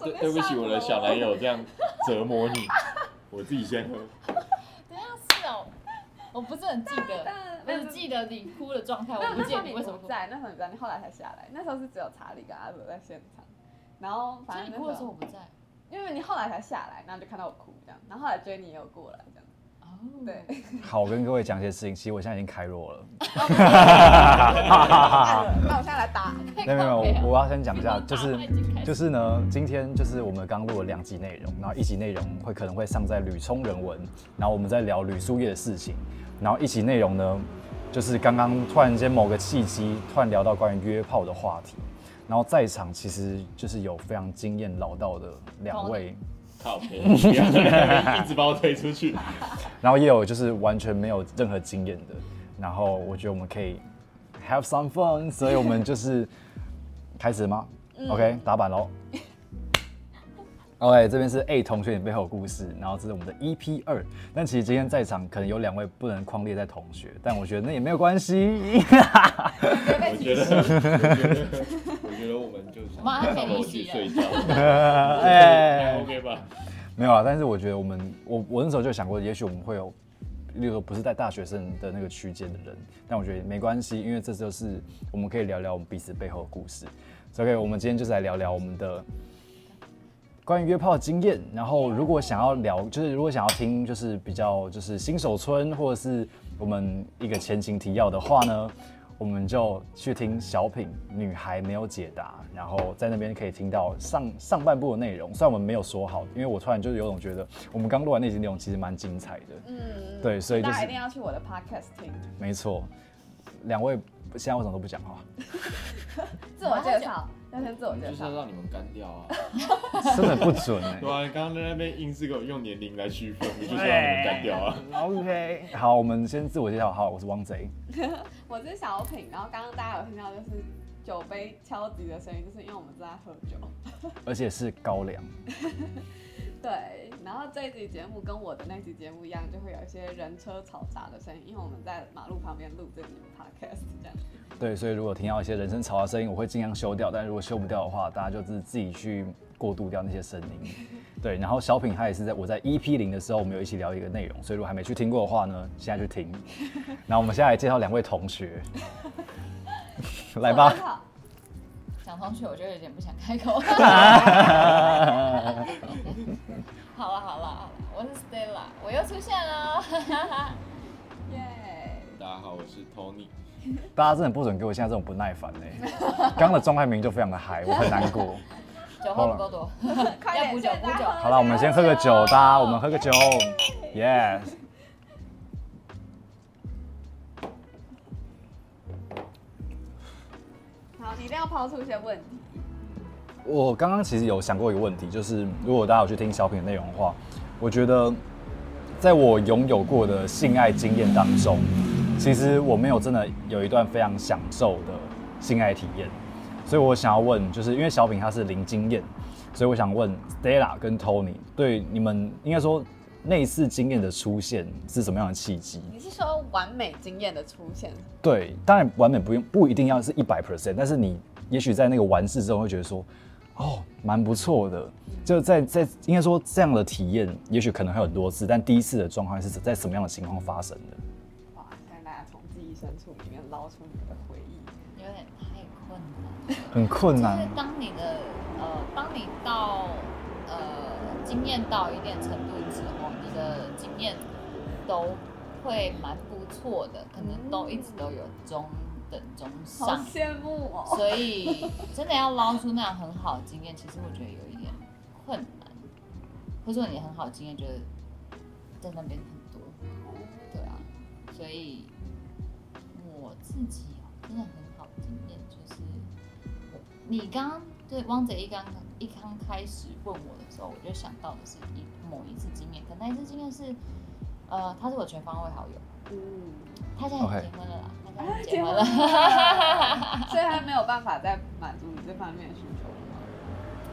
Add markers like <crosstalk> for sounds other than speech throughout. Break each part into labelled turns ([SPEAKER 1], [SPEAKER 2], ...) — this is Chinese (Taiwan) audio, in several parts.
[SPEAKER 1] 對 <laughs> 對不起，我的小
[SPEAKER 2] 男友這樣折磨你， <laughs> 我自己先喝。
[SPEAKER 1] 等下是哦，我不是很
[SPEAKER 3] 記得， <laughs> 但是我只記得你哭的狀態， <laughs> 我不記得你為什麼不在那，那時候你時候你，知道你後來才下來，那時候是只有查理跟阿澤在現場，然後反正你哭的時候我不在，因為你後來才下來，然後就看到我哭這樣，然後後來珍妮也有過來。
[SPEAKER 4] 好，我跟各位講一些事情。其實我現在已經開錄了。 <laughs> <laughs> <laughs> <laughs> 那我現在來打 <laughs> 沒有沒有，我要先講一下，就是、就是、就是呢，今天就是我們剛錄了兩集內容，然後一集內容會可能會上在呂沖人文，然後我們在聊呂叔業的事情，然後一集內容呢，就是剛剛突然間某個契機突然聊到關於約炮的話題，然後在場其實就是有非常經驗老道的兩位。嗯
[SPEAKER 2] 好，OK, <laughs> 一直把我推出去。
[SPEAKER 4] <laughs> 然後也有就是完全沒有任何經驗的，然後我覺得我們可以 have some fun，所以我們就是開始嗎 <laughs> ？OK，打板嘍。 <laughs> OK，這邊是 A 同學，你背後有的故事。然後這是我們的 EP 二，但其實今天在場可能有兩位不能匡列在同學，但我覺得那也沒有關係。 <laughs> <laughs> 我覺得。
[SPEAKER 2] <laughs> 覺得我們就馬上可去睡覺，哎 OK 吧？
[SPEAKER 4] 沒有啊，但是我覺得我們，我我那時候就想過，也許我們會有，例如不是在大學生的那個區間的人，但我覺得沒關係，因為這就是我們可以聊聊我們彼此背後的故事。So、OK，我們今天就是來聊聊我們的關於約炮的經驗。然後，如果想要聊，就是如果想要聽，就是比較就是新手村，或者是我們一個前情提要的話呢，我們就去聽小品，女孩沒有解答，然後在那邊可以聽到上上半部的內容。雖然我們沒有說好，因為我突然就是有種覺得，我們剛錄完那集內容其實蠻精彩的。嗯，
[SPEAKER 3] 對，所以就是大家一定要去我的 podcast 聽。
[SPEAKER 4] 沒錯，兩位現在為什麼都不講話、啊？
[SPEAKER 3] <laughs> 自我介紹。要先自我介紹，嗯、就是要讓
[SPEAKER 4] 你們幹掉啊！ <laughs> 真的不准、欸， <laughs> 對
[SPEAKER 2] 啊，剛剛在那邊硬是給我用年齡來區分， <laughs> 就是要讓你們幹掉
[SPEAKER 4] 啊！OK，好，我們先自我介紹，好，我是汪賊，
[SPEAKER 3] <laughs> 我是小品，然後剛剛大家有聽到就是酒杯敲擊的聲音，就是因為我們正在喝酒，
[SPEAKER 4] <laughs> 而且是高粱，
[SPEAKER 3] <laughs> 對。然後這一集節目跟我的那集節目一樣，就會有一些人車嘈雜的聲音，因為我們在馬路旁邊錄這集的 podcast，這樣。
[SPEAKER 4] 對，所以如果聽到一些人聲嘈雜聲音，我會盡量修掉，但如果修不掉的話，大家就是自己去過渡掉那些聲音。對，然後小品它也是在我在 EP 零的時候，我們有一起聊一個內容，所以如果還沒去聽過的話呢，現在去聽。那我們現在來介紹兩位同學，來吧。
[SPEAKER 1] 講同學，我就有點不想開口。好了好了好了，我是 Stella，我又出現
[SPEAKER 2] 了，哈、 <laughs> yeah.。大家好，我是 Tony，
[SPEAKER 4] <laughs> 大家真的不准給我現在這種不耐煩呢、欸。 <laughs>
[SPEAKER 1] 剛，
[SPEAKER 4] 剛的鍾愛明就非常的嗨， <laughs> 我很難過。酒 <laughs> 不多多， <laughs> 要
[SPEAKER 3] 補補酒補 <laughs> 酒，酒。
[SPEAKER 4] 好了，我們先喝個酒， <laughs> 大家我們喝個酒，Yes。 <laughs> Yeah . <laughs> 好，你一定要
[SPEAKER 3] 拋出一些問題。
[SPEAKER 4] 我剛剛其實有想過一個問題，就是如果大家有去聽小品的內容的話，我覺得在我擁有過的性愛經驗當中，其實我沒有真的有一段非常享受的性愛體驗。所以我想要問，就是因為小品他是零經驗，所以我想問 Stella 跟 Tony，對你們應該說類似經驗的出現是什麼樣的契機？你
[SPEAKER 3] 是說完美經驗的出現？
[SPEAKER 4] 對，當然完美不用，不一定要是一百 percent，但是你也許在那個完事之後會覺得說。哦，蠻不錯的，就在在應該說這樣的體驗，也許可能還有很多次，但第一次的狀況是在什麼樣的情況發生的？
[SPEAKER 3] 哇，讓大家從記憶深處裡面撈出你的回憶，有點太困難
[SPEAKER 4] 了， <laughs> 很困難。就是
[SPEAKER 1] 當你的呃，當你到呃，經驗到一定程度之後，你的經驗都會蠻不錯的，可能都一直都有中。嗯嗯等中上，好羨慕我、哦。所以真的要撈出那樣很好的經驗，其實我覺得有一點困難。或者你很好的經驗，覺得在那邊很多。對啊，所以我自己、啊、真的很好的經驗，就是你剛剛對汪賊一剛一剛開始問我的時候，我就想到的是一某一次經驗，可那一次經驗是呃，他是我全方位好友，嗯，他現在已經結婚了啦。Okay. 結婚了， <music> <music> <music> <laughs> 所以他沒有辦法再滿足你這方面的需求了。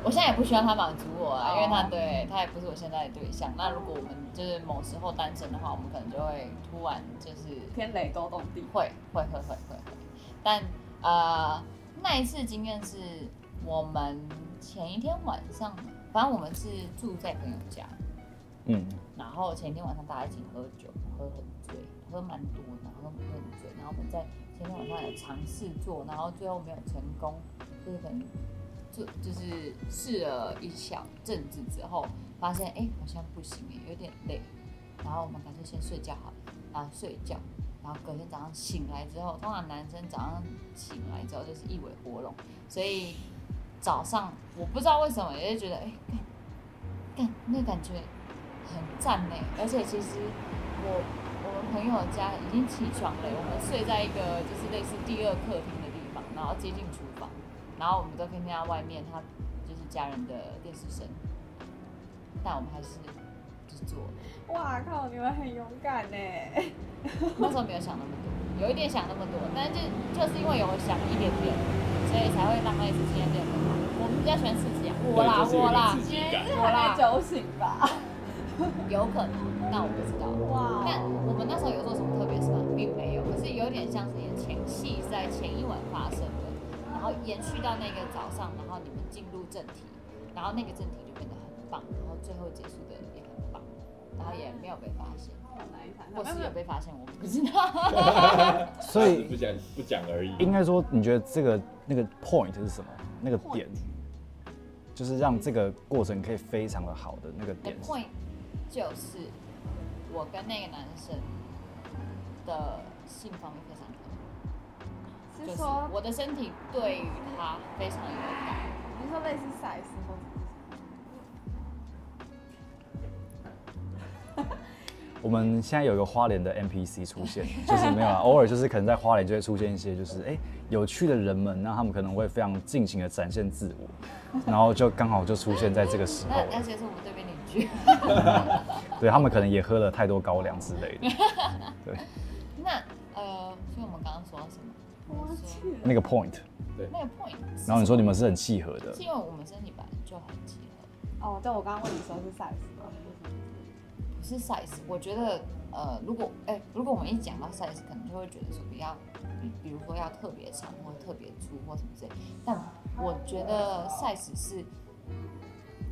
[SPEAKER 4] 我現在也不需要他滿足
[SPEAKER 1] 我啊，啊，因為他對、嗯、他也不是我現在的對象、嗯。那如果我們就是某時候單身的話，我們可能就會突然就是天雷勾動地。會會會會會。但呃，那一次經驗是我們前一天晚上，反正我們是住在朋友家。嗯，然後前一天晚上大家一起喝酒，喝很醉，喝蠻多，然後很醉，然後我們在前天晚上也嘗試做，然後最後沒有成功，就是很就就是試了一小陣子之後，發現哎好像不行哎，有點累，然後我們乾脆先睡覺好了，然後睡覺，然後隔天早上醒來之後，通常男生早上醒來之後就是一尾活龍，所以早上我不知道為什麼，也會覺得哎幹干，那感覺。很讚呢、欸，而且其實我我們朋友家已經起床了、欸，我們睡在一個就是類似第二客廳的地方，然後接近廚房，然後我們都可以聽到外面他就是家人的電視聲，但我們還是就做。哇靠，你們很勇敢呢、欸！那時候沒有想那麼多，有一點想那麼多，但是就就是因為有想一點點，所以才會讓那一次經驗變得很好。我們比較喜歡刺激啊！我啦，我啦，我啦，酒醒吧。有可能，那我不知道。哇、wow.！但我們那時候有做什麼特別事嗎？並沒有，可是有點像是演前戲，在前一晚發生的，然後延續到那個早上，然後你們進入正題，然後那個正題就變得很棒，然後最後結束的也很棒，然後也沒有被發現。或是有被發現？我不知道。
[SPEAKER 2] <laughs> 所以不講不講而已。
[SPEAKER 4] 應該說，你覺得這個那個 point 是什麼？那個點、point. 就是讓這個過程可以非常的好的那個點。
[SPEAKER 1] 就是我跟那個男生的性方面非常，是
[SPEAKER 4] 說
[SPEAKER 1] 我的身體對於他非常有感。你說
[SPEAKER 4] 類似是 <laughs> <laughs> 我們現在有一個花蓮的 NPC 出現，就是沒有啊，偶爾就是可能在花蓮就會出現一些就是哎、欸、有趣的人們，那他們可能會非常盡情的展現自我，然後就剛好就出現在這個時候 <laughs> <laughs> 那我
[SPEAKER 1] 們這邊。
[SPEAKER 4] <laughs> <laughs> 對，他們可能也喝了太多高粱之類的。對。
[SPEAKER 1] 那呃，所以我們剛剛說什麼、就是說了？那個 point。
[SPEAKER 4] 對。那個 point。然後你說你們是很契合的。是因為
[SPEAKER 1] 我們身體本來就很契合。哦，但我剛剛問你說是 size。不是 size，我覺得呃，如果哎、欸，如果我們一講到 size，可能就會覺得說比較，比如說要特別長或特別粗或什麼之類。但我覺得 size 是，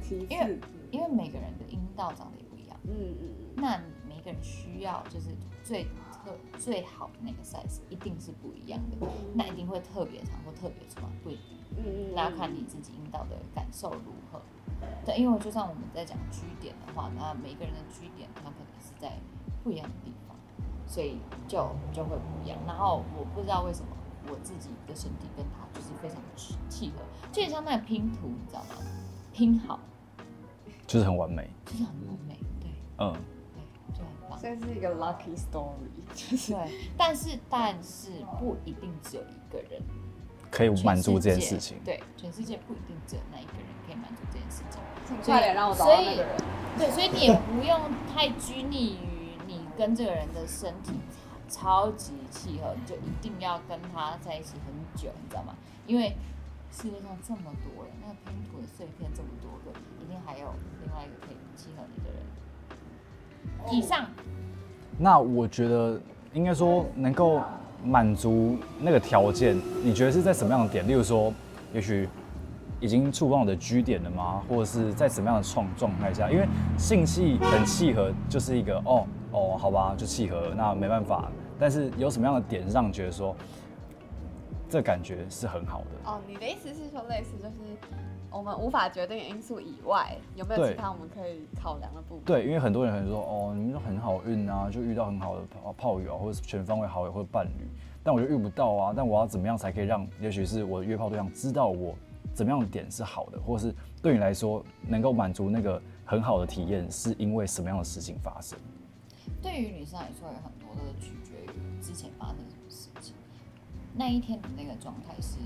[SPEAKER 1] 體驗。因為每個人的陰道長得也不一樣，嗯
[SPEAKER 3] 嗯，
[SPEAKER 1] 那你每個人需要就是最特最好的那個 size 一定是不一樣的，那一定會特別長或特別短，不一定，嗯嗯嗯，大家看你自己陰道的感受如何。嗯、對，因為就像我們在講居點的話，那、嗯、每個人的居點它可能是在不一樣的地方，所以就就會不一樣。然後我不知道為什麼我自己的身體跟它就是非常的契合，就也像那個拼圖，你知道嗎？拼好。
[SPEAKER 4] 就是很完美，就是很
[SPEAKER 1] 完美，對，嗯，對，就很棒，這是一個 lucky story，對，但是但是不一定只有一個人
[SPEAKER 4] 可以滿足這件事情，
[SPEAKER 1] 對，全世界不一定只有那一個人可以滿足這件事情，所以讓我找到那個人，對，所以你也不用太拘泥於你跟這個人的身體超級契合就一定要跟他在一起很久，你知道嗎？因為世界上這麼多人，那個拼圖的碎片這麼多個，一定還
[SPEAKER 4] 有另外一個可以契合你的人。以上。那我覺得應該說能夠滿足那個條件，你覺得是在什麼樣的點？例如說，也許已經觸碰我的 G 點了嗎？或者是在什麼樣的狀狀態下？因為性器很契合，就是一個哦哦，好吧，就契合。那沒辦法，但是有什麼樣的點讓你覺得說？這感覺是很好的哦。
[SPEAKER 3] Oh, 你的意思是說，類似就是我們無法決定因素以外，有沒有其他我們可以考量
[SPEAKER 4] 的部分？對，因為很多人可能說，哦，你們都很好運啊，就遇到很好的炮炮友，或者全方位好友或者伴侶。但我又遇不到啊。但我要怎麼樣才可以讓，也許是我的約炮對象知道我怎麼樣的點是好的，或者是對你來說能夠滿足那個很好的體驗，是因為什麼樣的事情發生？
[SPEAKER 1] 對於女生來說，有很多都是取決於之前發生的。那一天的那個狀態是，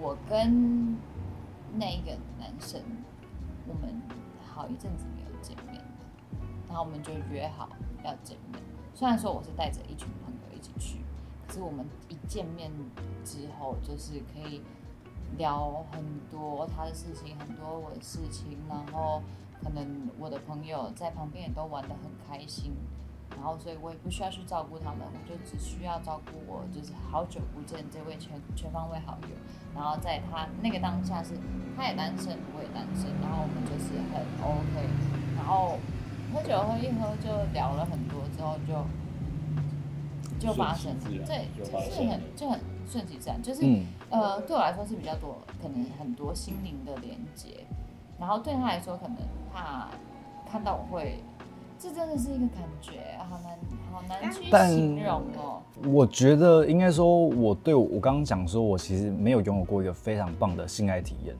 [SPEAKER 1] 我跟那一個男生，我們好一陣子沒有見面，然後我們就約好要見面。雖然說我是帶着一群朋友一起去，可是我們一見面之後，就是可以聊很多他的事情，很多我的事情，然後可能我的朋友在旁邊也都玩得很開心。然後，所以我也不需要去照顧他們，我就只需要照顧我，就是好久不見這位全全方位好友。然後在他那個當下是，他也單身，我也單身，然後我們就是很 OK。然後喝酒喝一喝就聊了很多，之後就就發生對、嗯、對，就就是很就很順其自然，就是、嗯、呃，對我來說是比較多，可能很多心靈的連接。然後對他來說，可能他看到我會。這真的是一個感覺，好難，好難去形容
[SPEAKER 4] 哦、喔。我覺得應該說，我對我剛剛講說，我其實沒有擁有過一個非常棒的性愛體驗。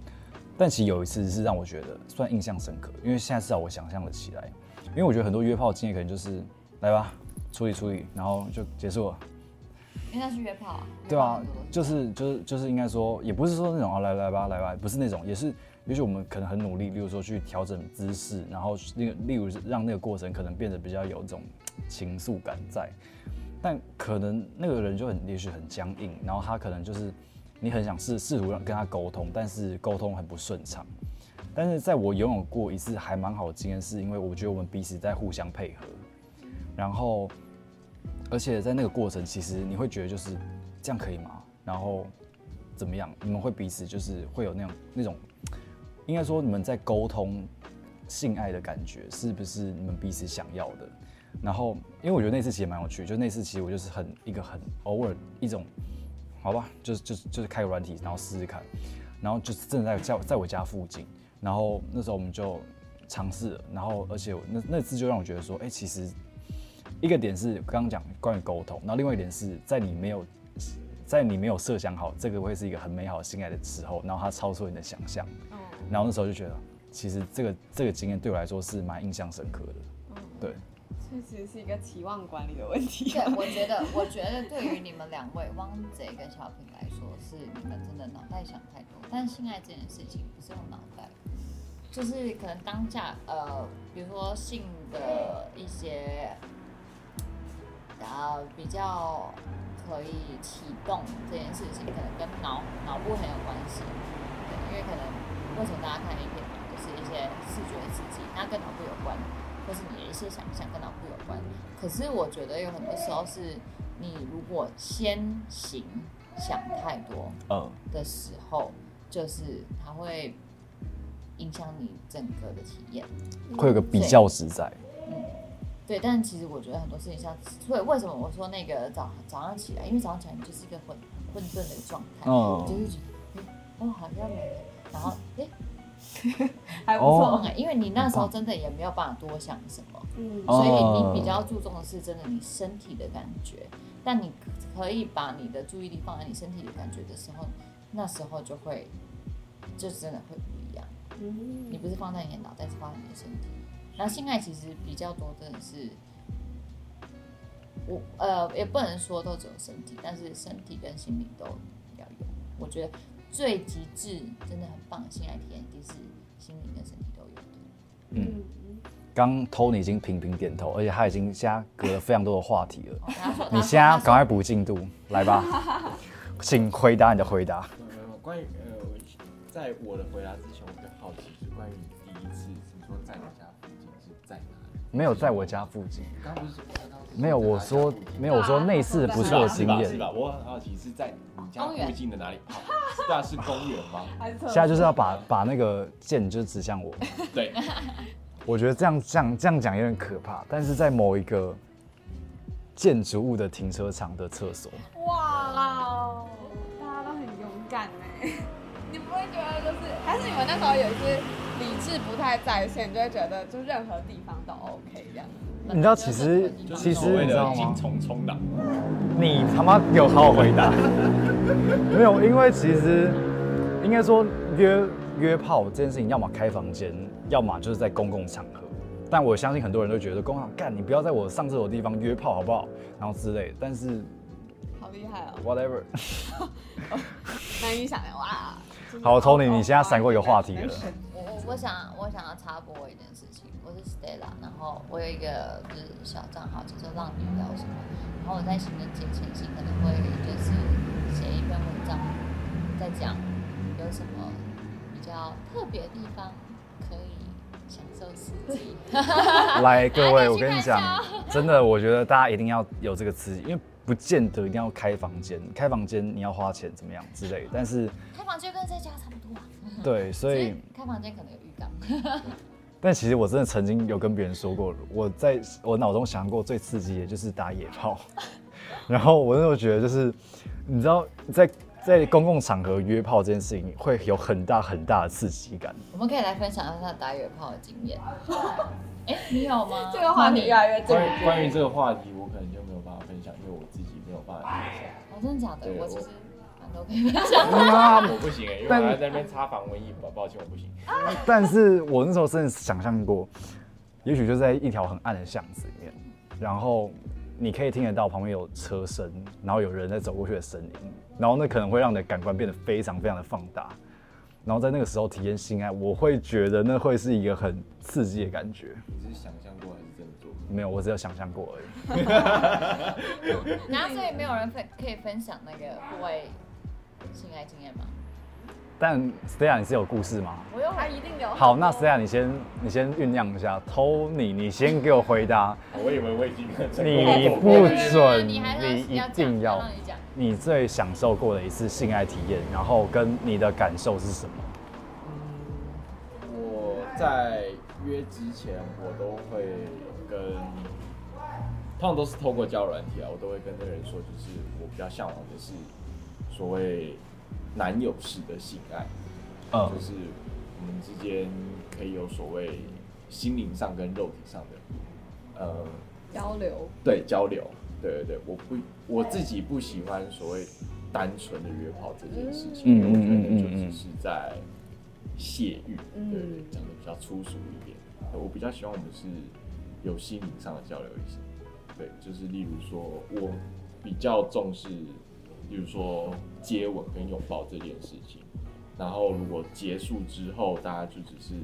[SPEAKER 4] 但其實有一次是讓我覺得算印象深刻，因為現在至少我想象了起來。因為我覺得很多約炮經驗可能就是來吧，處理處理，然後就結束了。應該
[SPEAKER 1] 是
[SPEAKER 4] 約炮，約炮對啊，就是就是就是，就是、應該說也不是說那種啊，來來吧來吧，不是那種，也是。也許我們可能很努力，例如說去調整姿勢，然後那個例如讓那個過程可能變得比較有一種情愫感在，但可能那個人就很也許很僵硬，然後他可能就是你很想試試圖讓跟他溝通，但是溝通很不順暢。但是在我擁有過一次還蠻好的經驗，是因為我覺得我們彼此在互相配合，然後而且在那個過程，其實你會覺得就是這樣可以嗎？然後怎麼樣？你們會彼此就是會有那樣那種。應該說，你們在溝通性愛的感覺是不是你們彼此想要的？然後，因為我覺得那次其實蠻有趣，就那次其實我就是很一個很偶爾一種好吧，就是就是就是開個軟體，然後試試看，然後就是正在在在我家附近，然後那時候我們就嘗試，然後而且那那次就讓我覺得說，哎、欸，其實一個點是剛剛講關於溝通，然後另外一點是在，在你沒有在你沒有設想好這個會是一個很美好性愛的時候，然後它超出你的想象。然後那時候就覺得，其實這個這個經驗對我來說是蠻印象深刻的。嗯，
[SPEAKER 1] 對，這其實是一個期望
[SPEAKER 3] 管理的問題啊。
[SPEAKER 4] 對，我
[SPEAKER 1] 覺得，我覺得對於你們兩位汪賊跟小品來說，是你們真的腦袋想太多。但性愛這件事情不是用腦袋，就是可能當下呃，比如說性的一些然後比較可以啟動這件事情，可能跟腦腦部很有關係，因為可能。或者大家看影片，就是一些視覺刺激，那跟腦部有關，或是你的一些想象跟腦部有關。可是我覺得有很多時候是，你如果先行想太多，嗯，的時候、嗯，就是它會影響你整個的體驗，會有個比較實在。嗯，對。但是其實我覺得很多事情像，所以為什麼我說那個早早上起來，因為早上起來就是一個混混沌的狀態、嗯就是，哦，就是覺得，哦，好像沒。 <laughs> 然後，欸、 <laughs> 還不錯、欸 oh. 因為你那時候真的也沒有辦法多想什麼，嗯、oh.，所以你比較注重的是真的你身體的感覺，oh. 但你可以把你的注意力放在你身體的感覺的時候，那時候就會，就真的會不一樣，mm
[SPEAKER 3] -hmm. 你不是
[SPEAKER 1] 放在你腦袋，是放在你的身體。然後性愛其實比較多真的是，我呃也不能說都只有身體，但是身體跟心理都比較有，我覺得。最極致，真的很棒。性愛體驗一定是心靈跟身體都有的。
[SPEAKER 4] 嗯，剛 Tony 已經頻頻點頭，而且他已經現在隔了非常多的話題了。 <laughs> 你現在趕快補進度， <laughs> 來吧，請回答你的回答。
[SPEAKER 2] 關於呃，在我的回答之前，我比較好奇，就是關於你第一次，你說在你家附近是在
[SPEAKER 4] 哪裡？沒有在我家附近。剛不是。沒有，我說、啊、沒有，我說、啊、類似的不錯的經驗，是吧？我
[SPEAKER 2] 很好奇是在你家附近的哪裡跑？現在是公園嗎、啊還是？現在就是要把、
[SPEAKER 4] 嗯、把那個箭就指向我。對， <laughs> 我覺得這樣這樣這樣講有點可怕，但是在某一個建築物的停車場的廁所。
[SPEAKER 3] 哇哦，大家都很勇敢哎！ <laughs> 你不會覺得就是還是你們那時候有些理智不太在線，你就會覺得就任何地方都 OK 這
[SPEAKER 4] 樣。你知道其實其實你知道嗎？你他媽有好好回答？
[SPEAKER 2] <laughs> 沒有，因為其實
[SPEAKER 4] 應該說約約炮這件事情要，要麼開房間，要麼就是在公共場合。但我相信很多人都覺得公共場幹，你不要在我上廁所的地方約炮好不好？然後之類的。但是
[SPEAKER 1] 好厲害啊 whatever 那你想象啊。
[SPEAKER 3] 好，哦、 <laughs> 好
[SPEAKER 4] ，Tony，你現在閃過一個話題了。
[SPEAKER 1] 我我我想我想要插播一件事情。對啦，然後我有一個就是小賬號，就是浪女聊什麼。然後我在情人節前夕可能會就是寫一篇文章，在講有什麼比較特別的地方可以享受刺激。來， <laughs> 各位， <laughs> 我跟你講， <laughs> 真的，
[SPEAKER 4] 我覺得大家一定要有這個刺激，因為不見得一定要開房間、嗯，開房間你要花錢怎麼樣之類。啊、但是
[SPEAKER 1] 開房間跟在家差不多、啊。對，所以，所以開房間可能有浴缸。 <laughs>
[SPEAKER 4] 但其實我真的曾經有跟別人說過，我在我腦中想過最刺激的就是打野炮， <laughs> 然後我那時候覺得就是，你知道在在公共場合約炮這件事情會有很大很大的刺激感。
[SPEAKER 1] 我們可以來分享一下打野炮的經驗。哎、 <laughs> 欸，你有嗎？這個話題越來越
[SPEAKER 3] 對對關於，關於
[SPEAKER 2] 這個話題，我可能就沒有辦法分享，因為我自己沒有辦法分享。哦，真的假的？我其實。那 <laughs> 是嗎 <laughs> 我不行哎、欸，因為我在那邊擦防蚊液， <laughs> 抱歉我不行、 <laughs> 啊。
[SPEAKER 4] 但是我那時候真的想象過，也許就在一條很暗的巷子裡面，然後你可以聽得到旁邊有車聲，然後有人在走過去的聲音。然後那可能會讓你的感官變得非常非常的放大，然後在那個時候體驗性愛，我會覺得那會是一個很刺激的感覺。你是想象過還是真的做？沒有，我只有想象過而已。
[SPEAKER 1] 然 <laughs> 後 <laughs> <laughs> <laughs> 所以沒有人分可以分享那個會。性愛
[SPEAKER 4] 經驗嗎？但 Stella 你是有故事嗎？我用他
[SPEAKER 2] 一定有。好，
[SPEAKER 4] 那 Stella 你先，你先醞釀一下。Tony，你先給我回答。
[SPEAKER 2] 我以為我已經。你不准，你一
[SPEAKER 4] 定要。你最享受過的一次性愛體驗，然後跟你的感受是什麼？嗯，
[SPEAKER 2] 我在約之前，我都會跟，通常都是透過交友軟體啊，我都會跟那個人說，就是我比較嚮往的是。所謂男友式的性愛，嗯，就是我們之間可以有所謂心靈上跟肉體上的，呃，交流，對，交流，對對對，我不，我自己不喜歡所謂單純的約炮這件事情，嗯，我覺得就只是在洩慾，嗯，對對，對，講得比較粗俗一點，嗯，我比較喜歡我們是有心靈上的交流一些，對，就是例如說我比較重視。比如說接吻跟擁抱這件事情，然後如果結束之後大家就只是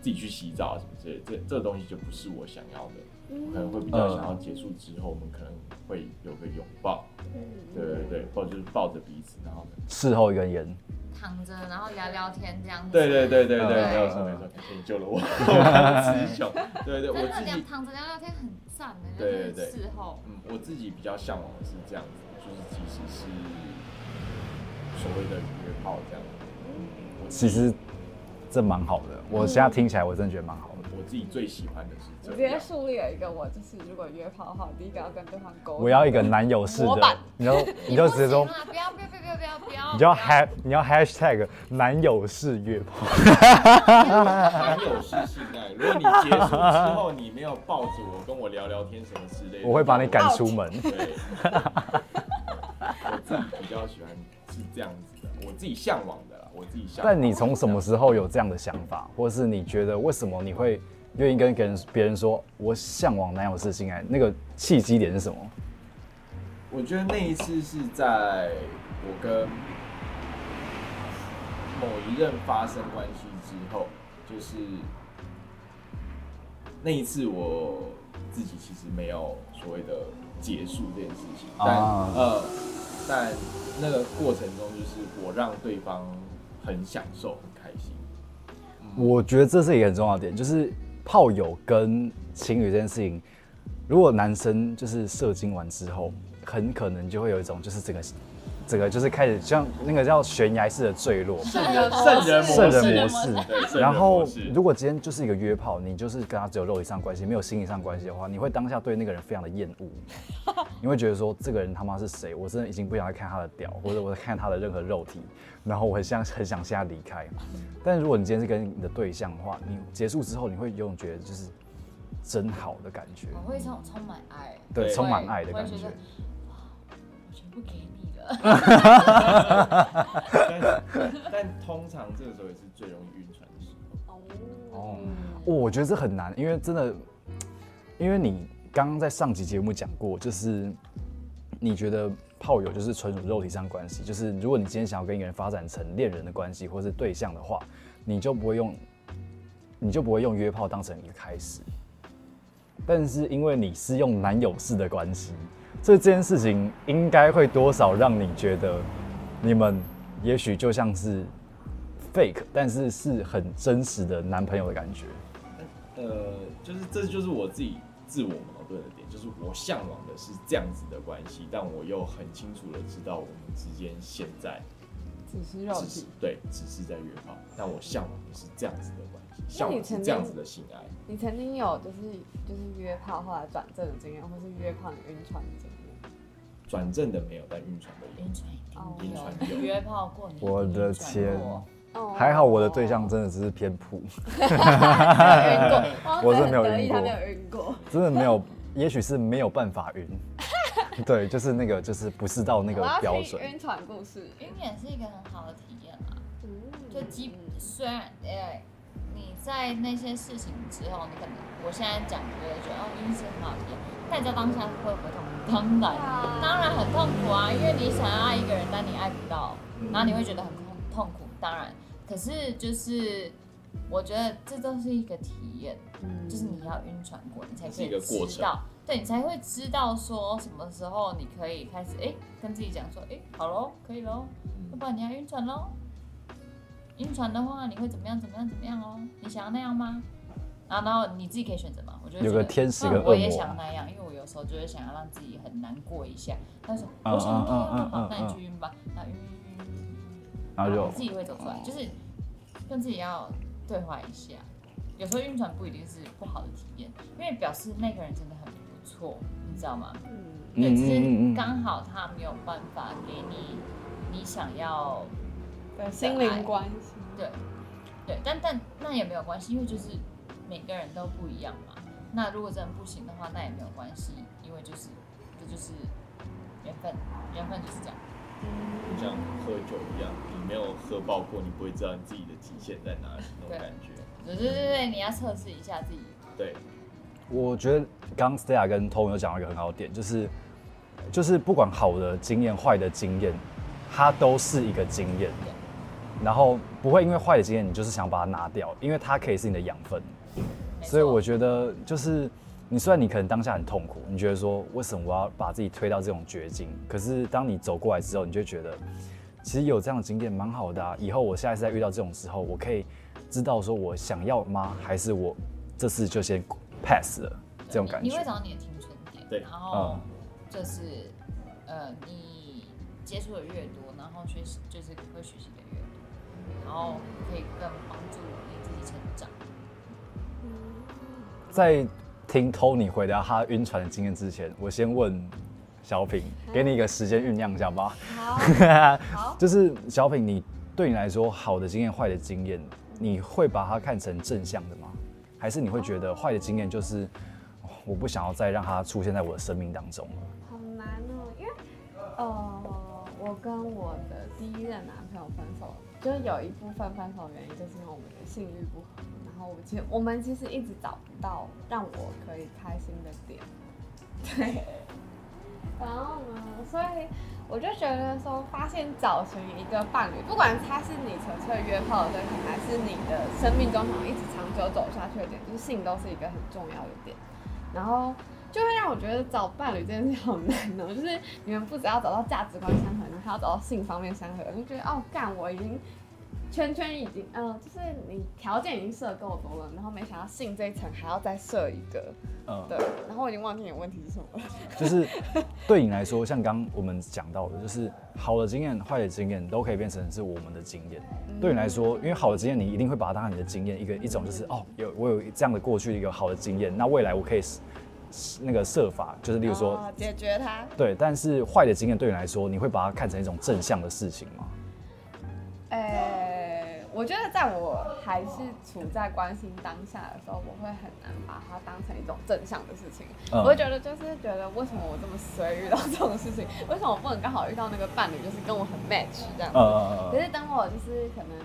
[SPEAKER 2] 自己去洗澡啊什麼之類的，這這東西就不是我想要的，嗯、可能會比較想要結束之後我們可能會有個擁抱，嗯，對對對，或者就是抱着彼此，然後
[SPEAKER 4] 伺候一個人，
[SPEAKER 1] 躺着然後聊聊天這樣子，對對對對對，okay. 沒有錯沒
[SPEAKER 2] 錯，感、哎、謝你救了我，自己救，對對， <laughs> 我
[SPEAKER 1] 躺着聊聊天很。對對對，嗯，
[SPEAKER 2] 我自己比較嚮往的是這樣子，就是其實是所謂的約炮這樣子，其實
[SPEAKER 4] 這蠻好的，我現在聽起來我真的覺得蠻好的。
[SPEAKER 2] 嗯我自己最喜歡的事情。我直接
[SPEAKER 3] 樹立了一個我，我就是如果約炮的話，第一個要跟對方溝
[SPEAKER 4] 通。我要一個男友式的，你就你就直接說，不，不要不要不要 ha, 不要不要。你要 #，have，你要 #，hashtag 男友式約炮。 <laughs> 男友式心態，如果你結束之後
[SPEAKER 2] 你沒有抱着我跟我聊聊天什麼之類的，我會把你趕出門。對對。對。我自己比較喜歡是這樣子的，我自己向往。但你
[SPEAKER 4] 從什麼時候有這樣的想法，嗯、或是你覺得為什麼你會願意跟別人別人說我嚮往男友式性愛？那個契機點是什麼？
[SPEAKER 2] 我覺得那一次是在我跟某一任發生關係之後，就是那一次我自己其實沒有所謂的結束這件事情，oh. 但呃，但那個過程中就是我讓對方。很享受，很開心。
[SPEAKER 4] 我覺得這是一個很重要的點，就是炮友跟情侶這件事情，如果男生就是射精完之後，很可能就會有一種就是整、這個。整個就是開始像那個叫懸崖式的墜落，聖人聖人聖人模式。然後，如果今天就是一個約炮，你就是跟他只有肉體上關係，沒有心理上關係的話，你會當下對那個人非常的厭惡， <laughs> 你會覺得說這個人他媽是誰？我真的已經不想再看他的屌，或者我在看他的任何肉體，然後我很想很想現在離開。嗯。但如果你今天是跟你的對象的話，你結束之後你會有種覺得就是真好的感覺，我會充充滿愛對，對，充滿愛的感覺。我會，我會覺得，我
[SPEAKER 2] 全部給你。 <laughs> <laughs> <laughs> 但，但通常這個時候也是最容易暈船的時
[SPEAKER 4] 候。哦哦，我覺得這很難，因為真的，因為你剛剛在上集節目講過，就是你覺得炮友就是純屬肉體上關係，就是如果你今天想要跟一個人發展成戀人的關係或是對象的話，你就不會用，你就不會用約炮當成一個開始。但是因為你是用男友式的關係。所以這件事情應該會多少讓你覺得，你們也許就像是 fake，但是是很真實的男朋友的感覺。
[SPEAKER 2] 呃，就是這就是我自己自我矛盾的點，就是我向往的是這樣子的關係，但我又很清楚的知道我們之間現在
[SPEAKER 3] 只是繞繞只是
[SPEAKER 2] 對，只是在約炮，但我向往的是這樣子的關係。關像這樣子的性
[SPEAKER 3] 愛，你曾經有就是就是約炮，後來轉正的經驗，或是約炮的暈船的經
[SPEAKER 2] 驗？轉正的沒有，但暈船的暈、哦、船有。約炮過，過，我
[SPEAKER 4] 的天、哦，還好我的對象真的只是偏普。我真的沒有暈過， <laughs> 過嗯、
[SPEAKER 3] 過
[SPEAKER 4] <laughs> 真的沒有，也許是沒有辦法暈。 <laughs> 對，就是那個，就是不是到那個標準。暈
[SPEAKER 1] 船故事，暈也是一個很好的體驗、嗯、就基雖然誒。你在那些事情之後，你可能我現在講覺得，覺得哦暈車很好聽，那你在當下會不會痛？當然、啊，當然很痛苦啊，因為你想要愛一個人，但你愛不到，然後你會覺得很痛痛苦。當然，可是就是我覺得這都是一個體驗，就是你要暈船過，你才可以知道，對，你才會知道說什麼時候你可以開始哎、欸、跟自己講說哎、欸、好嘍，可以嘍，不然你要暈船嘍。暈船的話，你會怎麼樣？怎麼樣？怎麼樣哦、喔？你想要那樣嗎？然後,然後你自己可以選擇嘛。我就覺得有個天使，我也想要那樣，因為我有時候就會想要讓自己很難過一下。但是、oh、我想
[SPEAKER 2] 嗯，好,好，那你去暈
[SPEAKER 1] 吧，那暈暈暈。Oh 嗯嗯”然後就你、啊、自己會走出來，就是跟自己要對話一下。有時候暈船不一定是不好的體驗，因為表示那個人真的很不錯，你知道嗎？嗯
[SPEAKER 4] 嗯嗯嗯。只是剛
[SPEAKER 1] 好他沒有辦法給你你想要。心靈關係，對，對，但但那也沒有關係，因為就是每個人都不一樣嘛。那如果真的不行的話，那也沒有關係，因為就是這就，就是緣分，緣分就是這樣。
[SPEAKER 2] 就像喝酒一樣，你沒有喝爆過，你不會知道你自己的極限在哪裡那種感覺。對對
[SPEAKER 1] 對對，你要測試一下自己。
[SPEAKER 2] 對，
[SPEAKER 4] 我覺得剛 Stella 跟 Tony 有講了一個很好的點，就是就是不管好的經驗、壞的經驗，它都是一個經驗。然後不會因為壞的經驗，你就是想把它拿掉，因為它可以是你的養分。所以我覺得就是，你雖然你可能當下很痛苦，你覺得說為什麼我要把自己推到這種絕境？可是當你走過來之後，你就覺得其實有這樣的經驗蠻好的啊。以後我下一次再遇到這種時候，我可以知道說我想要嗎？還是我這次就先 pass 了？這種感覺你會
[SPEAKER 1] 找到你的平衡點，對，然後就是、呃、你接觸的越多，然後學習就是會學習的。然後可
[SPEAKER 4] 以更幫助我自己成長。在聽 Tony 回答他暈船的經驗之前，我先問小品，給你一個時間醞釀一下吧。好，就是小品，你對你來說好的經驗、壞的經驗，你會把它看成正向的嗎？還是你會覺得壞的經驗就是我不想要再讓它出現在我的生命當中
[SPEAKER 3] 了？好難哦，因為哦。我跟我的第一任男朋友分手，就是有一部分分手的原因就是因為我們的性欲不合。然後我們其實我們其實一直找不到讓我可以開心的點，對。然後呢，所以我就覺得說，發現找尋一個伴侶，不管他是你純粹約炮的，還是你的生命中能一直長久走下去的點，就是性都是一個很重要的點。然後。就會讓我覺得找伴侶真的是好難哦，喔，就是你們不只要找到價值觀相合，你還要找到性方面相合，就覺得哦干，我已經圈圈已經嗯，呃，就是你條件已經設夠多了，然後沒想到性這一層還要再設一個，嗯，對，然後我已經忘記你問題是什麼了，就是
[SPEAKER 4] 對你來說， <laughs> 像剛剛我們講到的，就是好的經驗、壞的經驗都可以變成是我們的經驗，嗯。對你來說，因為好的經驗你一定會把它當成你的經驗，一個、嗯、一種就是、嗯、哦，有我有這樣的過去一個好的經驗，那未來我可以。那個設法就是，例如說解決它。對，但是壞的經驗對你來說，你會把它看成一種正向的事情嗎？
[SPEAKER 3] 呃、欸，我覺得在我還是處在關心當下的時候，我會很難把它當成一種正向的事情。嗯、我會覺得就是覺得，為什麼我這麼衰，遇到這種事情？為什麼我不能剛好遇到那個伴侶，就是跟我很 match 這樣子？嗯，可是等我就是可能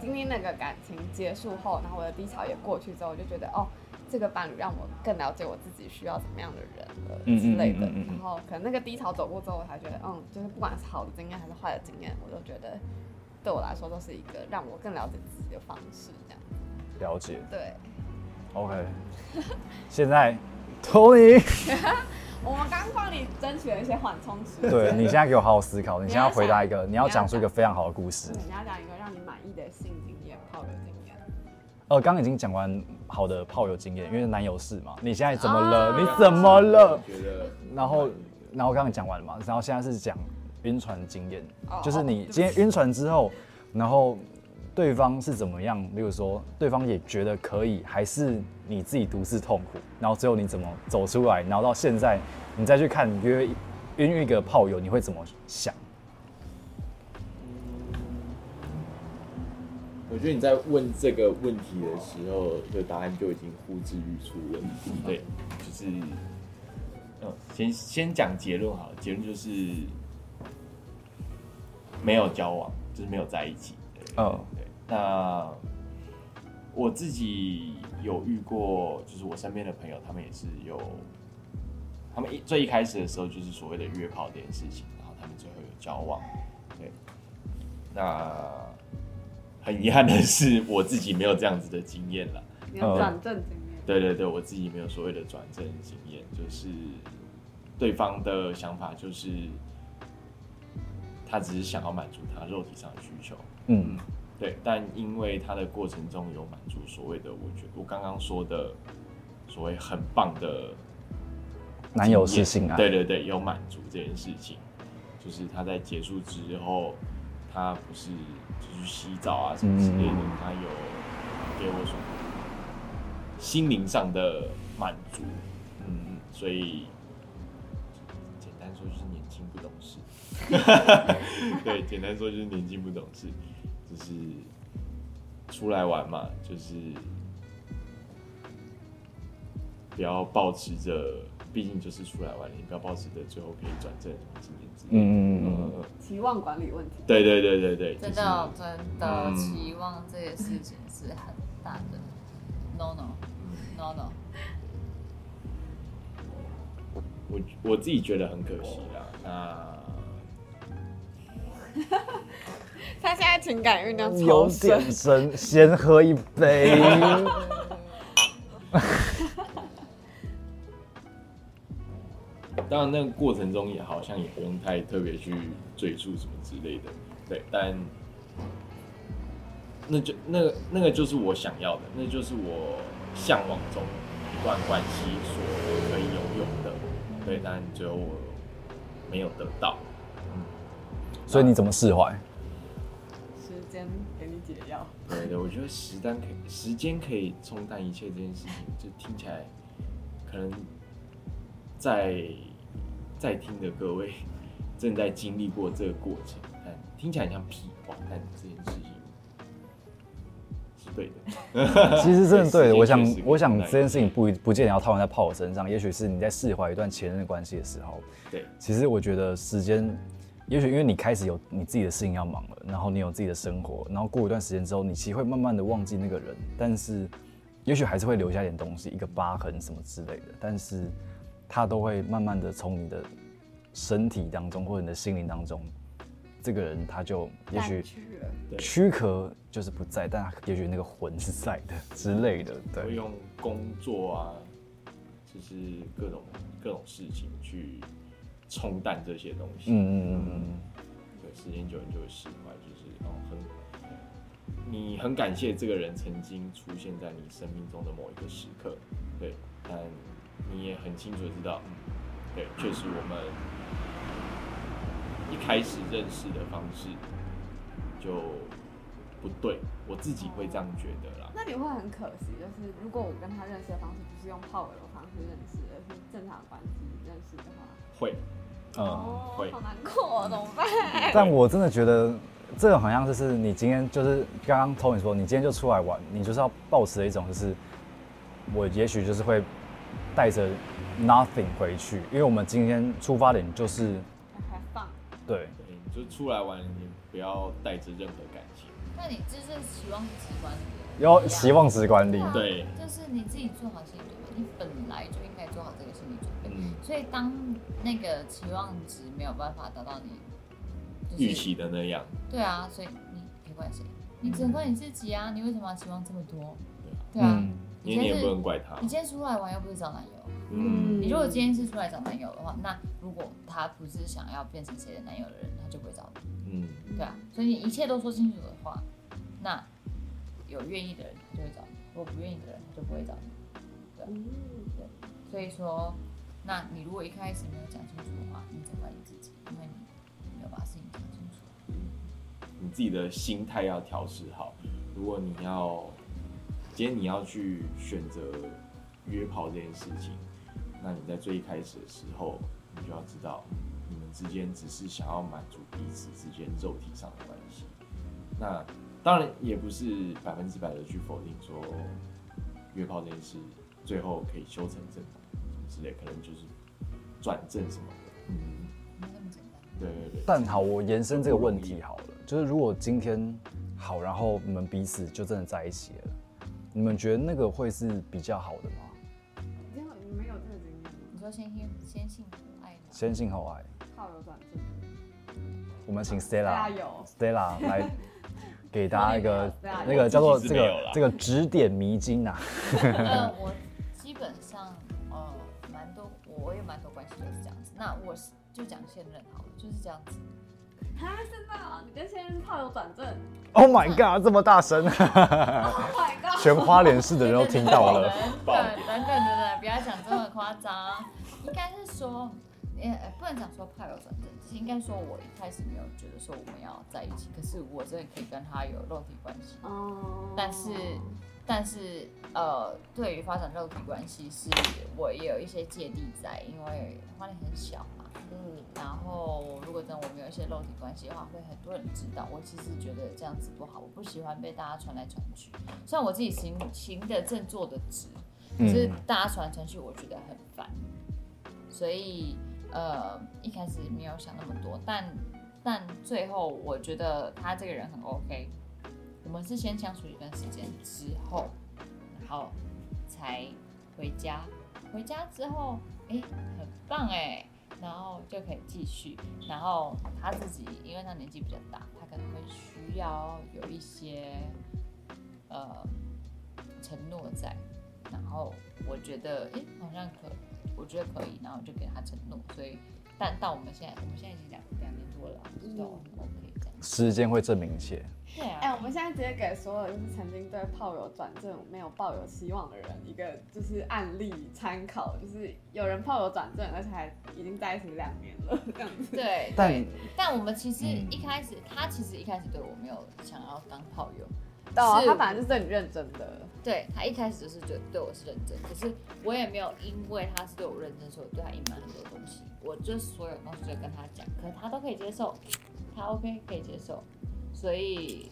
[SPEAKER 3] 經歷那個感情結束後，然後我的低潮也過去之後，我就覺得哦。這個伴侶，讓我更了解我自己需要怎麼樣的人了之類的，然後可能那個低潮走過之後，我才覺得，嗯，就是不管是好的經驗還是壞的經驗，我都覺得對我來說都是一個讓我更了解自己的方式，這樣。
[SPEAKER 4] 了解。對。OK。 <laughs> 現在，Tony，
[SPEAKER 3] <laughs> 我們剛幫你爭取了一些緩衝時間。對，你現在給我
[SPEAKER 4] 好好思考，你現在要回答一個，你要講述一個非常好的故事。你
[SPEAKER 3] 要講一個讓你滿意的性經驗，泡妞經
[SPEAKER 4] 驗。呃，剛剛已經講完。好的炮友經驗，因為男友是嘛？你現在怎麼了？啊？你怎麼了？然後，然後剛剛講完了嘛？然後現在是講暈船經驗，啊，就是你今天暈船之後，然後對方是怎麼樣？比如說對方也覺得可以，還是你自己獨自痛苦？然後最後你怎麼走出來？然後到現在你再去看約暈一個炮友，你會怎麼想？
[SPEAKER 2] 我覺得你在問這個問題的時候，的答案就已經呼之欲出問題了，嗯。對，就是，嗯、先先講結論好了，結論就是沒有交往，就是沒有在一起。嗯、哦，對。那我自己有遇過，就是我身邊的朋友，他們也是有，他們一最一開始的時候就是所謂的約炮這件事情，然後他們最後有交往。對，那。很遺憾的是，我自己沒有這樣子的經驗了。你要轉正經驗？嗯，對對對，我自己沒有所謂的轉正經驗，就是對方的想法就是他只是想要滿足他肉體上的需求。嗯。嗯，對。但因為他的過程中有滿足所謂的，我覺得我剛剛說的所謂很棒的
[SPEAKER 4] 男友屬性啊，對
[SPEAKER 2] 對對，有滿足這件事情，就是他在結束之後。他不是，就是洗澡啊，什麼之類的、嗯，他有給我心靈上的滿足。嗯，嗯，所以簡單說就是年輕不懂事， <laughs> <laughs> 對，簡單說就是年輕不懂事，就是出來玩嘛，就是不要抱持著，畢竟就是出來玩也不要抱持著最後可以轉正什麼嗯嗯
[SPEAKER 1] 嗯嗯，期望管理
[SPEAKER 2] 問題。對對對對對，真的、哦、真的、哦嗯、期
[SPEAKER 1] 望，這件事情是很大的 no no no no。
[SPEAKER 2] 我我自己覺得很可惜、哦、
[SPEAKER 4] 啊。那 <laughs> ，
[SPEAKER 3] 他現在情感
[SPEAKER 4] 醞釀有點深， <laughs> 先喝一杯。 <laughs> <laughs>
[SPEAKER 2] 當然，那個過程中也好像也不用太特別去追溯什麼之類的，對。但那就那個那個就是我想要的，那個、就是我嚮往中一段關係所可以擁有的、嗯，對。但最後我沒有得到，嗯。
[SPEAKER 4] 所以你怎麼釋懷？
[SPEAKER 3] 時間給你解藥。
[SPEAKER 2] 對對，我覺得時間可以，時間可以沖淡一切。這件事情就聽起來，可能在。在聽的各位正在經歷過這個過程，聽起來很像屁話、嗯，但這件事情是對的。對 <laughs> 其實真的對的，我想，我想這件
[SPEAKER 4] 事情不不，見得要套用在炮友身上，也許是你在釋懷一段前任的關係的時候。對，其實我覺得時間，也許因為你開始有你自己的事情要忙了，然後你有自己的生活，然後過一段時間之後，你其實會慢慢的忘記那個人，但是也許還是會留下一點東西，一個疤痕什麼之類的，但是。他都會慢慢的從你的身體當中，或者你的心靈當中，這個人他就也許軀殼就是不在，但他也許那個魂是在的，是的之類的。
[SPEAKER 2] 對，會用工作啊，就是各種各種事情去沖淡這些東西。嗯嗯嗯對，時間久你就會釋懷，就是哦，很你很感謝這個人曾經出現在你生命中的某一個時刻，對，但。你也很清楚知道，對，確實我們一開始認識的方式就不對，我自己會這樣覺得啦。那你
[SPEAKER 3] 會很可惜，就是如果我跟他認識的方式不是用泡妞的方式認識，而是正常的關係認識的話，
[SPEAKER 2] 會，嗯，
[SPEAKER 4] 哦、會，
[SPEAKER 3] 好難過、哦，怎麼辦？ <laughs> <laughs> 但
[SPEAKER 4] 我真的覺得，這個好像就是你今天就是剛剛 Tony 說，你今天就出來玩，你就是要抱持的一種就是，我也許就是會。帶着 nothing 回去，因為我們今天出發點就是開
[SPEAKER 2] 放。對，就出來玩，你不要帶着任何感情。
[SPEAKER 1] 那你就是期望值管
[SPEAKER 4] 理，要期望值管理。對、
[SPEAKER 1] 啊，對啊，就是你自己做好心理準備，你本來就應該做好這個心理準備。嗯。所以當那個期望值沒有辦法達到你預、
[SPEAKER 2] 就是，期的那樣，
[SPEAKER 1] 對啊，所以你別怪誰，你只怪你自己啊、嗯，你為什麼要期望這麼多？對，對啊。嗯。
[SPEAKER 2] 你，你也不能怪他。
[SPEAKER 1] 你今天出來玩又不是找男友。嗯。你如果今天是出來找男友的話，那如果他不是想要變成誰的男友的人，他就不會找你。嗯。對啊。所以你一切都說清楚的話，那有願意的人他就會找你，如果不願意的人他就不會找你。對、啊嗯。對。所以說，那你如果一開始沒有講清楚的話，你就怪你自己，因為你沒有把事情講清楚。嗯。
[SPEAKER 2] 你自己的心態要調適好。如果你要。今天你要去選擇約炮這件事情，那你在最一開始的時候，你就要知道，你們之間只是想要滿足彼此之間肉體上的關係。那當然也不是百分之百的去否定說，約炮這件事
[SPEAKER 4] 最後可以修成正果，之類，可能就是轉正什麼的。嗯，沒這麼簡單。對對對。但好，我延伸這個問題好了不不，就是如果今天好，然後你們彼此就真的在一起了。你們覺得那個會是比較好的嗎？你沒
[SPEAKER 1] 有特別。你說先性先性後
[SPEAKER 4] 愛，先性後愛，好有轉折。我們請 Stella，Stella、啊、Stella, 來 <laughs> 給大家一個那個叫做這個這個指點迷津吶、啊 <laughs> 呃。我
[SPEAKER 1] 基本上呃蠻多，我也蠻多關係都是這樣子。那我是就講現任好了，就是這樣子。啊，真的，啊，
[SPEAKER 3] 你跟
[SPEAKER 4] 先炮友轉正。Oh my god，這麼大聲 <laughs> ！Oh my god，全花蓮市的人都聽到了。 <laughs>
[SPEAKER 2] 對，
[SPEAKER 1] 等等等等，不要講這麼誇張， <laughs> 應該是說，呃，不能講說炮友轉正，只是應該說，我一開始沒有覺得說我們要在一起，可是我真的可以跟他有肉體關係。哦、oh.。但是，但是，呃，對於發展肉體關係，是我也有一些芥蒂在，因為花蓮很小。嗯，嗯，然後如果等我們有一些肉體關係的話，會很多人知道。我其實覺得這樣子不好，我不喜歡被大家傳來傳去。雖然我自己行行得正坐得直，可是大家傳來傳去，我覺得很煩。嗯、所以呃，一開始沒有想那麼多，但但最後我覺得他這個人很 OK。我們是先相處一段時間之後，然後才回家。回家之後，哎，很棒哎、欸。然後就可以繼續。然後他自己，因為他年紀比較大，他可能會需要有一些呃承諾在。然後我覺得，誒，好像可，我覺得可以。然後就給他承諾。所以，但到我們現在，我們現在已經兩兩年多了，知道嗎？OK。
[SPEAKER 4] 時間會證明一切。
[SPEAKER 1] 對啊、欸，
[SPEAKER 3] 我們現在直接給所有就是曾經對炮友轉正沒有抱有希望的人一個就是案例參考，就是有人炮友轉正，而且還已經在一起兩年了這
[SPEAKER 1] 樣子。對。但對但我們其實一開始、嗯，他其實一開始對我沒有想要當炮友，對啊、他反正是很認真的。對，他一開始就是覺得對我是認真，可是我也沒有因為他是對我認真，所以我對他隱瞞很多東西，我就所有東西就跟他講，可是他都可以接受。他 OK 可以接受，所以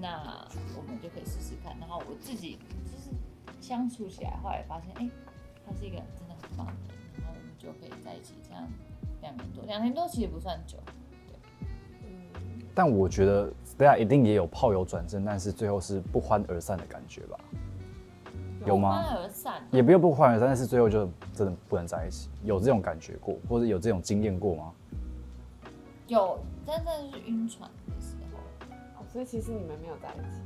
[SPEAKER 1] 那我們就可以試試看。然後我自己就是相處起來，後來發現，哎、欸，他是一個真的很棒的人，然後我們就可以在一起。這樣兩年多，兩年多其實不算久，
[SPEAKER 4] 對。但我覺得大家一,一定也有炮友轉正，但是最後是不歡而散的感覺吧？有嗎？不歡
[SPEAKER 1] 而散、啊。也
[SPEAKER 4] 不用不歡而散，但是最後就真的不能在一起，有這種感覺過，或者有這種經驗過嗎？
[SPEAKER 3] 有真正是暈船的時候。哦，所以其實你們沒
[SPEAKER 1] 有在一起，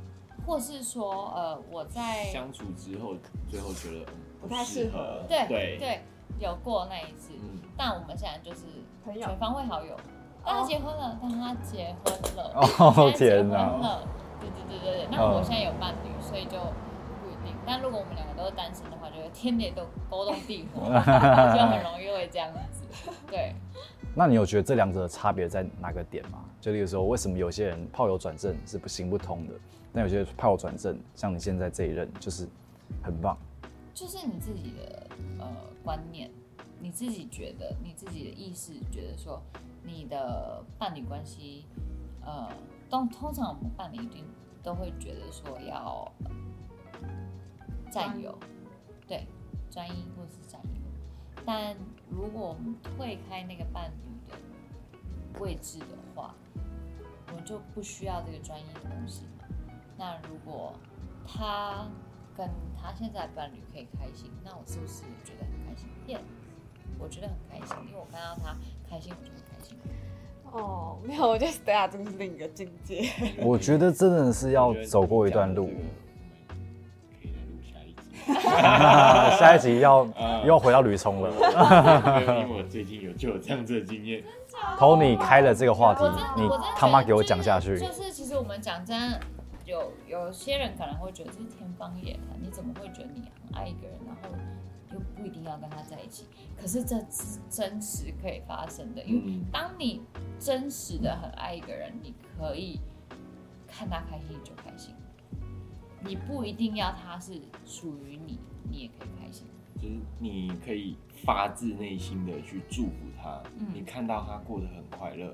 [SPEAKER 1] 或是說，呃，我在
[SPEAKER 3] 相
[SPEAKER 2] 處之後，最後覺得不，適不太適合。
[SPEAKER 1] 對對對，有過那一次，嗯，但我們現在就是朋友，全方位好友，但他結婚了，但、哦、他結婚了，哦，天哪，了、哦哦，那我現在有伴侶，所以就不一定。哦、但如果我們兩個都是單身的話，就會天雷都勾動地火， <laughs> 然後就很容易會這樣子，對。
[SPEAKER 4] 那你有覺得這兩者的差別在哪個點嗎？就例如說，為什麼有些人炮友轉正是不行不通的？但有些炮友轉正，像你現在這一任就是，很棒。
[SPEAKER 1] 就是你自己的呃觀念，你自己覺得，你自己的意識覺得說，你的伴侶關係，呃，都通常我們伴侶一定都會覺得說要占有，對，專一或是占有。但如果退開那個伴侶的位置的話，我就不需要這個專業的東西。那如果他跟他現在的伴侶可以開心，那我是不是覺得很開心？耶，我覺得很開心，因為我看到他開心，我就很開心。哦、
[SPEAKER 3] oh, no, <laughs> 沒有，我覺得 Stella 這個是另一個境界。我
[SPEAKER 4] 覺得真的是要走過一段路。 <laughs> 啊、下一集要、啊、又回到旅程了， <laughs> <laughs> 因為我
[SPEAKER 2] 最近有就有這樣子的經驗。
[SPEAKER 4] <laughs> Tony 開了這個話題，你他媽給我講下去、就是。
[SPEAKER 1] 就是其實我們講真的有，有有些人可能會覺得這是天方夜譚，你怎麼會覺得你很愛一個人，然後又不一定要跟他在一起？可是這是真實可以發生的，因為當你真實的很愛一個人，你可以看他開心
[SPEAKER 2] 就開心。你不
[SPEAKER 1] 一定要他是屬於你，你也可以開心。
[SPEAKER 2] 就是你可以發自內心的去祝福他，嗯，你看到他過得很快樂，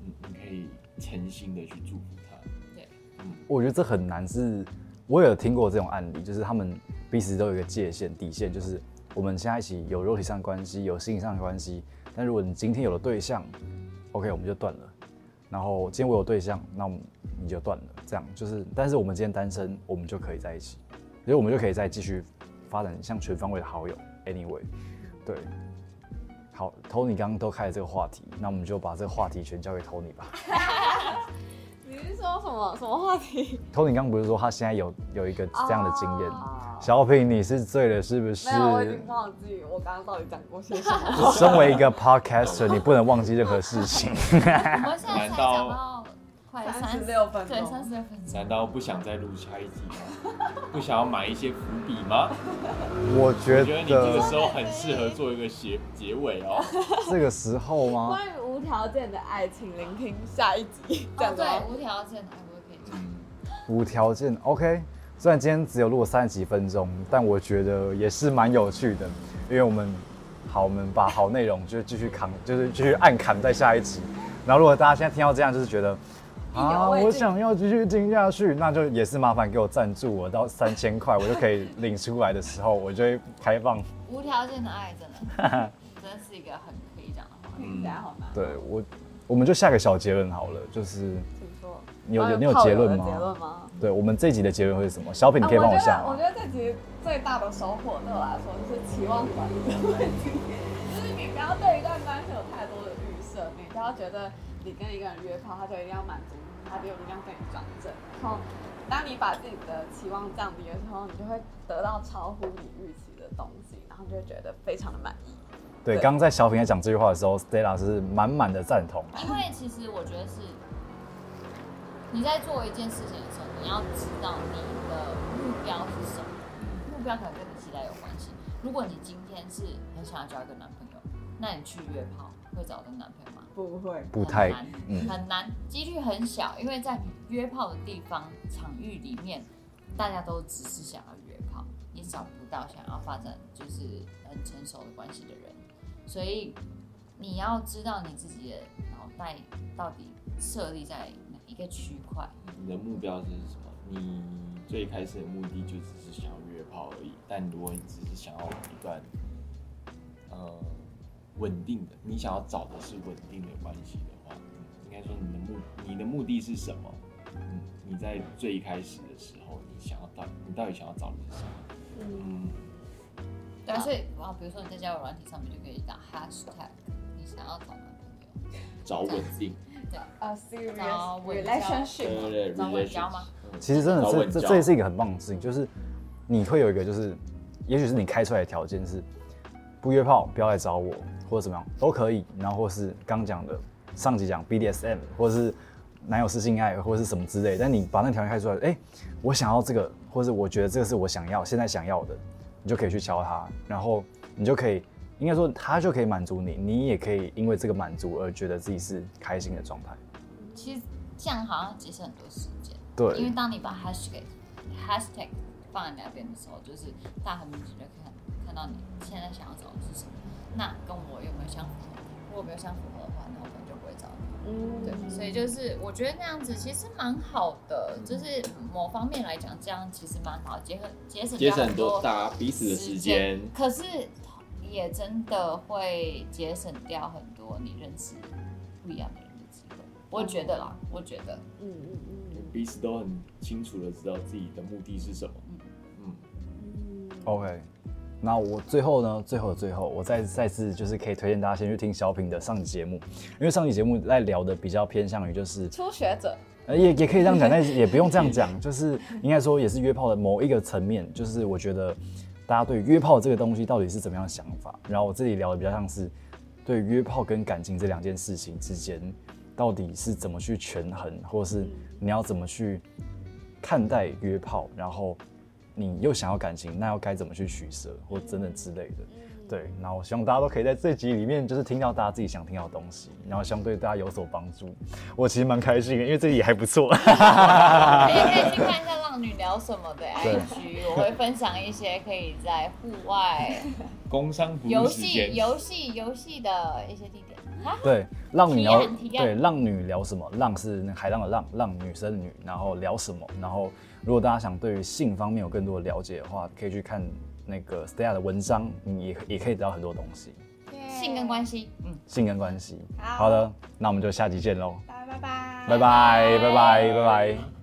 [SPEAKER 2] 你你可以
[SPEAKER 4] 誠心的去祝福他。對，嗯，我覺得這很難。是，我有聽過這種案例，就是他們彼此都有一個界限底線，就是我們現在一起有肉體上的關係，有心理上的關係，但如果你今天有了對象，OK，我們就斷了。然後今天我有對象，那我們你就斷了。這樣就是，但是我們今天單身，我們就可以在一起，所以我們就可以再繼續發展向全方位的好友。Anyway，對，好，Tony 剛剛都開了這個話題，那我們就把這個話題全交給 Tony 吧。 <laughs> 你
[SPEAKER 3] 是說什麼什麼話題
[SPEAKER 4] ？Tony 剛不是說他現在有有一個這樣的經驗？Oh. 小品，你是醉了，是不是？沒有，我已經忘記
[SPEAKER 3] 我剛剛到底講過些什麼。 <laughs> 身為一個
[SPEAKER 4] podcaster， <laughs> 你不能忘記任何事情。我 <laughs> 道
[SPEAKER 1] 快三十六分鐘，三十六
[SPEAKER 2] 分鐘，難道不想再錄下一集嗎？ <laughs> 不想要埋一些伏筆嗎我？我覺得你這個時候很適合做一個結結尾哦。
[SPEAKER 4] 這個時候嗎？
[SPEAKER 3] 關於無條件的愛，請聆聽下一集。哦，對，無條件的愛，不可以
[SPEAKER 4] 無條件，OK。雖然今天只有錄三十幾分鐘，但我覺得也是蠻有趣的，因為我們好，我們把好內容就繼續扛，就是繼續按扛再下一集。然後如果大家現在聽到這樣，就是覺得啊，我想要繼續聽下去，那就也是麻煩給我贊助我到三千塊，我就可以領出來的時候， <laughs> 我就會開放
[SPEAKER 1] 無條件的愛，真的， <laughs> 真的是一個很可以講的話大家、嗯、好
[SPEAKER 4] 嗎？對我，我們就下個小結論好了，就是。你有、啊、你有結論嗎？結論嗎？對，我們這一集的結論會是什麼？小品你可以幫我下、啊。
[SPEAKER 3] 我覺得這集最大的收穫對我來說就是期望管理的問題， <laughs> 就是你不要對一段關係有太多的預設，你不要覺得你跟一個人約炮，他就一定要滿足，他就一定要跟你轉正。當你把自己的期望降低的時候，你就會得到超乎你預期的
[SPEAKER 1] 東西，然後你就會覺得非常的滿意。
[SPEAKER 4] 對，剛剛在小品在講這句話的時候，Stella 是滿滿的贊同。
[SPEAKER 1] 因為其實我覺得是。你在做一件事情的時候，你要知道你的目標是什麼。目標可能跟你期待有關係。如果你今天是很想要交一個男朋友，那你去約炮會找一個男朋友嗎？不會，難不太，嗯，很難，幾率很小。因為在約炮的地方場域裡面，大家都只是想要約炮，你找不到想要發展就是很成熟的關係的人。所以你要知道你自己的腦袋到底設立在。一個區塊、
[SPEAKER 2] 嗯。你的目標是什麼？你最開始的目的就只是想要約炮而已。但如果你只是想要一段，呃、嗯，穩定的，你想要找的是穩定的關係的話，嗯、應該說你的目，你的目的是什麼？你你在最一開始的時候，你想要到，你到底想要找的是什麼？嗯。嗯
[SPEAKER 1] 對、啊。所以然後比如說你在交友軟體上面就可以打 hashtag，你想要找男朋
[SPEAKER 2] 友，找穩定。
[SPEAKER 3] 呃，serious，relationship，找穩交
[SPEAKER 2] 嗎？
[SPEAKER 4] 其實真的是這這也是一個很棒的事情，就是你會有一個就是，也許是你開出來的條件是不約炮，不要來找我或者怎麼樣都可以，然後或是剛講的上集講 BDSM 或者是男友私信愛或者是什麼之類，但你把那條件開出來，哎、欸，我想要這個，或者我覺得這個是我想要現在想要的，你就可以去敲他，然後你就可以。應該說他就可以滿足你，你也可以因為這個滿足而覺得自己是開心的狀態。
[SPEAKER 1] 其實這樣好像節省很多時間。對，因為當你把 hashtag hashtag 放在那邊的時候，就是大家很明顯就可以看，看到你現在想要找的是什麼。那跟我有沒有相符合？如果沒有相符合的話，那我們就不會找你。嗯，對，所以就是我覺得那樣子其實蠻好的，就是某方面來講，這樣其實蠻好，節省節省節省很多大家
[SPEAKER 2] 彼此的時間。可
[SPEAKER 1] 是，也真的會節省掉很多你認識不一樣的人的機會，我覺得啦，我覺得，嗯
[SPEAKER 2] 嗯嗯，彼此都很清楚的知道自己的目的是什麼，嗯
[SPEAKER 4] 嗯，OK，那我最後呢，最後最後，我再再次就是可以推薦大家先去聽小品的上集節目，因為上集節目在聊的比較偏向於就是初學者，也、呃、也可以這樣講，但 <laughs> 也不用這樣講，就是應該說也是約炮的某一個層面，就是我覺得。大家對約炮這個東西到底是怎麼樣的想法？然後我這裡聊的比較像是，對約炮跟感情這兩件事情之間，到底是怎麼去權衡，或是你要怎麼去看待約炮，然後你又想要感情，那又該怎麼去取捨，或真的之類的。對，然後我希望大家都可以在這集裡面，就是聽到大家自己想聽到的東西，然後希望對大家有所幫助。我其實蠻開心的，因為這集也還不錯。你 <laughs> 也 <laughs> 可以去看一
[SPEAKER 1] 下《浪女聊什麼》的 IG，對我會分享一些可以在戶外 <laughs> 、
[SPEAKER 4] 工商服務、遊戲、遊
[SPEAKER 1] 戲、遊戲的一些地點。
[SPEAKER 4] 對，浪女聊，對，浪女聊什麼？浪是海浪的浪，浪女生的女，然後聊什麼？然後如果大家想對於性方面有更多的了解的話，可以去看。那個 Stella 的文章，你、嗯、也可也可以得到很多東西。對，
[SPEAKER 1] 性跟關係，
[SPEAKER 4] 嗯，性跟關係。好的，那我們就下集見嘍。拜拜拜拜拜拜拜拜拜。